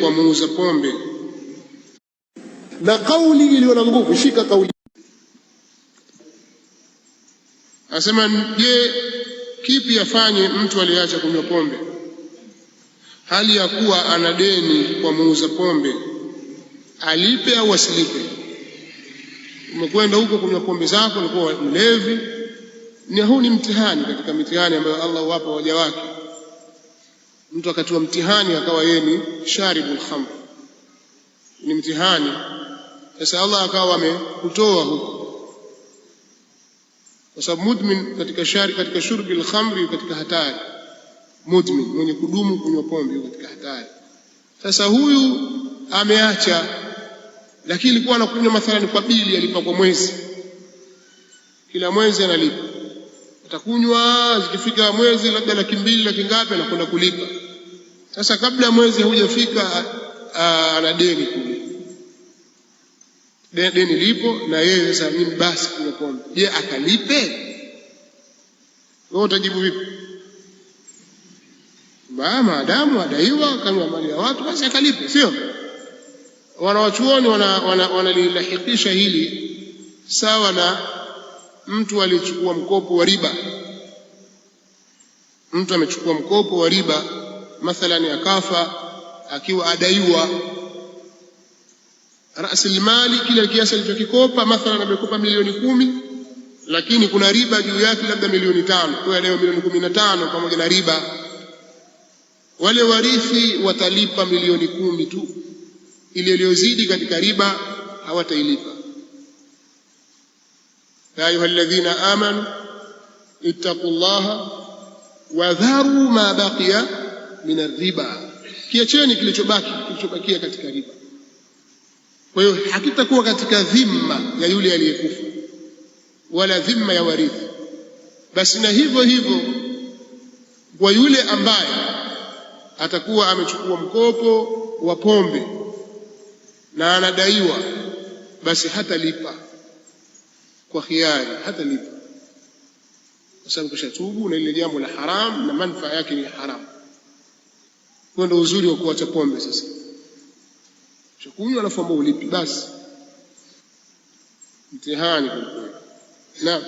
kwa muuza pombe, na kauli iliyo na nguvu. Shika kauli, asema je, kipi afanye mtu aliyeacha kunywa pombe hali ya kuwa ana deni kwa muuza pombe? Alipe au asilipe? Umekwenda huko kunywa pombe zako, ulikuwa mlevi. Ni huu ni mtihani katika mitihani ambayo Allah huwapa waja wake mtu wakati wa mtihani akawa yeye ni sharibul khamr, ni mtihani. Sasa Allah akawa amekutoa huko, kwa sababu mudmin katika shari, katika shurbil khamri, katika hatari. Mudmin mwenye kudumu kunywa pombe, katika hatari. Sasa huyu ameacha, lakini ilikuwa anakunywa mathalani kwa bili, alipa kwa mwezi, kila mwezi analipa atakunywa zikifika mwezi labda laki mbili laki ngapi, anakwenda kulipa. Sasa kabla mwezi hujafika ah, ana deni kule, deni lipo na yeye sasa, mimi basi kuna je, akalipe? Wewe utajibu vipi? Maadamu adaiwa kama mali ya watu, basi akalipe, sio? Wanawachuoni wanalilahikisha wana, wana hili sawa na mtu alichukua mkopo wa riba, mtu amechukua mkopo wa riba mathalan akafa akiwa adaiwa rasilimali kile kiasi alichokikopa, mathalan amekopa milioni kumi, lakini kuna riba juu yake labda milioni tano, kwa leo milioni kumi na tano pamoja na riba. Wale warithi watalipa milioni kumi tu, ile iliyozidi katika riba hawatailipa. ya ayuha alladhina amanu ittaqullaha wadharu ma baqiya min arriba, kiacheni kilichobaki kilichobakia katika riba. Kwa hiyo hakitakuwa katika dhima ya yule aliyekufa wala dhima ya warithi. Basi na hivyo hivyo kwa yule ambaye atakuwa amechukua mkopo wa pombe na anadaiwa, basi hatalipa kwa khiari, hatalipa kwa sababu kishatubu na ile jambo la haramu na manufaa yake ni haramu. Huo ndio uzuri wa kuacha pombe. Sasa chakuyu alafu ambao ulipi, basi mtihani kweli na